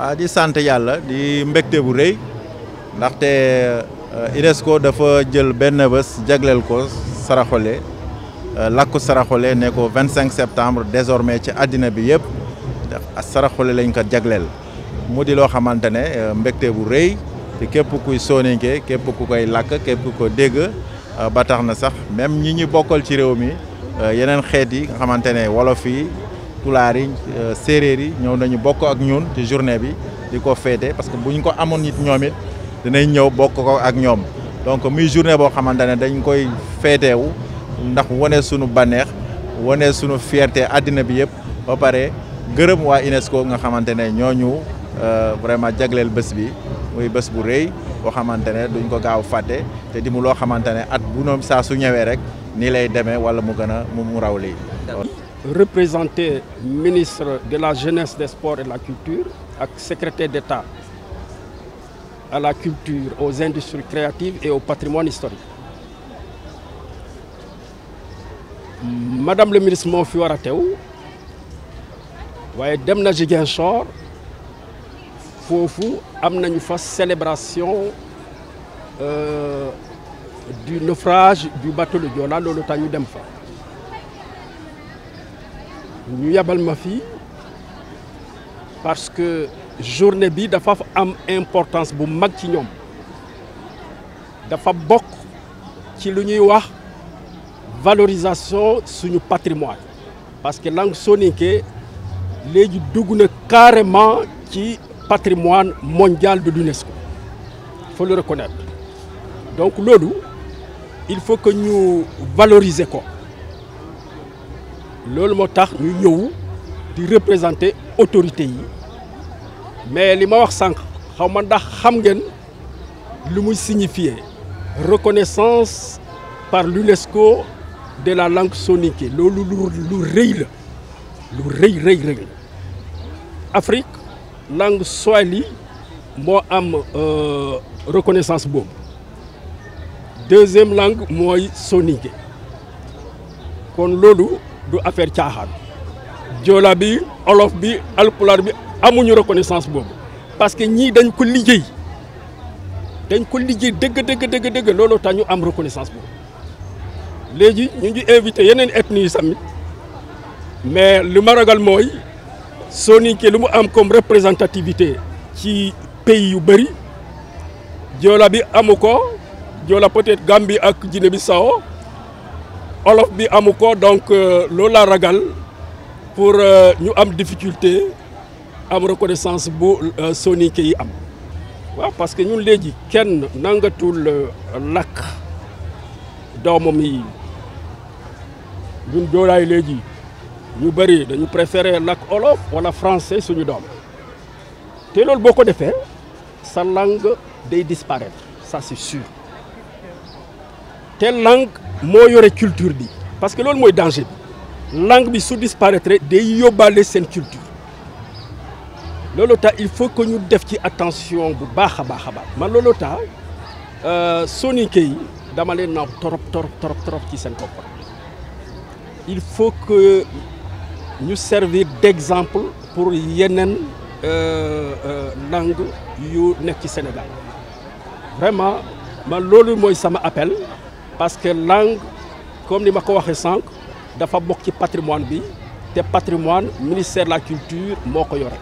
waaw di sant yàlla di mbégte bu rëy ndaxte euh, UNESCO dafa jël benn bés jagleel ko saraxolé euh, làkku saraxolé ne ko 25 septembre désormais ci adina bi yëpp saraxolé lañ ko jagleel mu di loo xamante ne euh, mbégte bu rëy te képp kuy soninke képp ku koy làkk képp ko dégg ba tax na sax même ñi ñu bokkal ci réew mi yeneen xeet yi nga xamante wolof yi pulaar yi euh, séeréer yi ñëw nañu bokk ak ñun ci journée bi di ko féete parce que bu ñu ko amoon it ñoom it dinañ ñëw bokk ko ak ñoom donc muy journée boo xamante ne dañ koy féetewu ndax wane sunu banneex wane sunu fierté àddina bi yëpp ba pare gërëm waa UNESCO nga xamante ne ñoo ñu euh, vraiment jagleel bés bi muy bés bu rëy boo xamante ne duñ ko gaaw fàtte te di mu loo xamante ne at bu noom saa su ñëwee rek ni lay représenté ministre de la jeunesse des sports et de la culture ak secrétaire d'État à la culture aux industries créatives et au patrimoine historique madame le ministre mo fi wara téw dem na sor am célébration euh, du naufrage du bateau de Diola le tax ñu Nous avons ñu ma fille, parce que journée bi dafa am importance bu mag ci ñoom dafa bok ci lu ñuy wax patrimoine parce que langue sonique... est est carrément Le patrimoine mondial de l'UNESCO faut le reconnaître donc loup il faut que nous valorisions. quoi qui nous le ñu de représenter autorité mais li ma wax le mot reconnaissance par l'UNESCO de la langue sonique. le lu le le la lu Afrique langue swahili am euh, reconnaissance deuxième langue moy soninké kon lolu du affaire caaxaan djola bi olof bi alpulaar bi amuñu reconnaissance boobu parce que ñi dañ ko liggéey dañ ko liggéey deug deug deug deug lolu tañu am reconnaissance boobu léegi ñu ngi inviter yenen ethnie yi mais lu ma ragal mooy soninké lu mu am comme représentativité ci pays yu bari djola bi amuko la peut-être Gambie ak Guinée-Bissau olof bi amuko donc euh, lola ragal pour euh, ñu am difficulté am reconnaissance bu euh, soninké yi am parce que ñun légui kenn nangatul làkk doomam yi ñun joolaay léegi ñu bari dañu préférer làkk olof wala français suñu dom. Té loolu boko défé sa langue day disparaître ça c'est sûr telle langue moo culture bi parce que loolu mooy danger langue bi disparaîtrait disparaître day yóbbaale culture loolu ta il faut que ñu def ci attention bu baax a baax a man loolu damalé euh, na yi dama leen torop torop torop il faut que nous servir d'exemple pour yenen euh, euh, langue yu nekk ci Sénégal vraiment man loolu mooy sama appel parce que langue comme ni ma ko waxee sànq dafa bokk ci patrimoine bi te patrimoine ministère de la culture moo ko